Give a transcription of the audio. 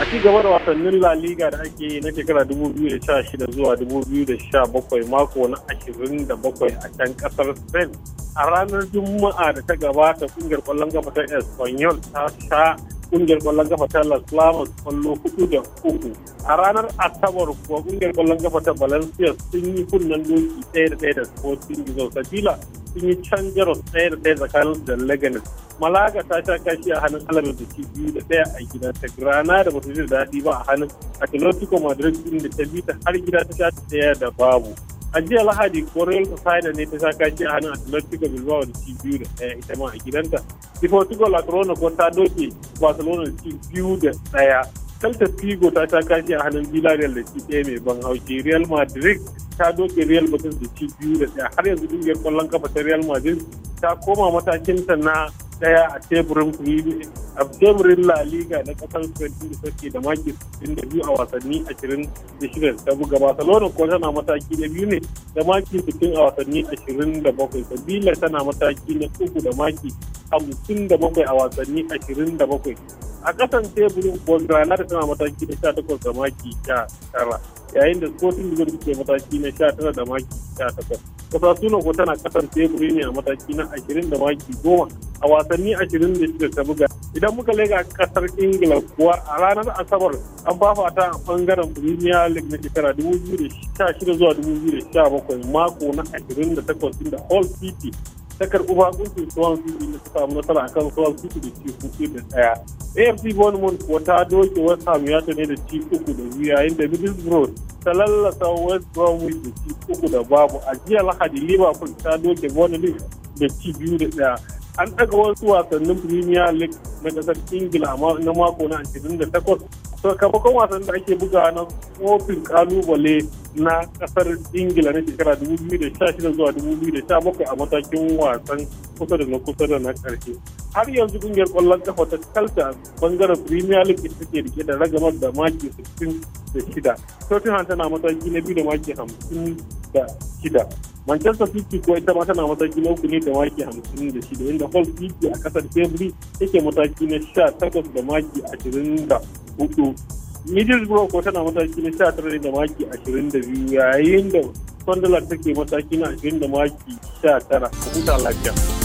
a ci gaba da wasannin La Liga da ake yi na shekara 2016 zuwa 2017 mako na 27 a can kasar Spain. A ranar Juma'a da ta gabata kungiyar kwallon kafa ta Espanyol ta sha kungiyar kwallon kafa ta Las Palmas kwallo hudu da uku. A ranar Asabar kuwa kungiyar kwallon kafa ta Valencia sun yi kunnen doki ɗaya da ɗaya da Sporting Gizon Sabila sun yi can jaros ɗaya da ɗaya tsakanin da Leganes. Malaga ta sha kashi a hannun Alabar da ke biyu da ɗaya a gidanta. Grana da ba su ji daɗi ba a hannun Atletico Madrid inda ta bi ta har gida ta sha ɗaya da babu. a jiya lahadi koreal society ne ta sha kashi a hannun atletico bilbao da ci biyu da ɗaya ita ma a gidanta deportivo la corona ko ta doke barcelona da ci biyu da ɗaya celta figo ta ta kashi a hannun villarreal da ci ɗaya mai ban hauki real madrid ta doke real madrid da ci biyu da ɗaya har yanzu ƙungiyar ƙwallon kafa ta real madrid ta koma matakinta na ɗaya a teburin a teburin la liga na ƙasar spain da take da maki 62 a wasanni 26 ta buga barcelona ko tana mataki na biyu ne da maki 60 a wasanni 27 sabila tana mataki na uku da maki hamsin da bakwai a wasanni ashirin da bakwai a kasan teburin da tana mataki na sha takwas da maki sha tara yayin da sporting lisbon ke mataki na sha tara da maki sha takwas suna ko tana kasan teburi ne a mataki na ashirin da maki goma a wasanni ashirin da shida ta buga idan muka lega kasar ingila kuwa a ranar asabar an fafata a bangaren premier league na shekara dubu biyu da sha shida zuwa dubu biyu da sha bakwai mako na ashirin da takwas inda hall city takar uba bakuncin tsohon city da ta samu nasara akan tsohon city da ci uku da ɗaya afc bournemouth kuwa ta doke west ham ne da ci uku da biyu yayin da middlesbrough ta lallasa west bromwich da ci uku da babu a jiya lahadi liverpool ta doke bournemouth da ci biyu da ɗaya an ɗaga wasu wasannin premier league na ƙasar ingila na mako na 28 sakamakon wasan da ake buga na kofin kalubale na kasar ingila na shekara 2016 zuwa 2017 a matakin wasan kusa da na kusa da na karshe har yanzu kungiyar kwallon kafa ta kalta bangaren premier league ta ke rike da ragamar da maki 66 tottenham tana mataki na biyu da maki 56 Manchester City ko ita ma tana mataki na uku ne da maki hamsin da shida inda Hull City a kasar February yake mataki na sha takwas da maki 20 da hudu middlesbrough ko tana mataki na 19 da maki 22 yayin da sunderland take mataki na 20 da maki 19 a huta lafiya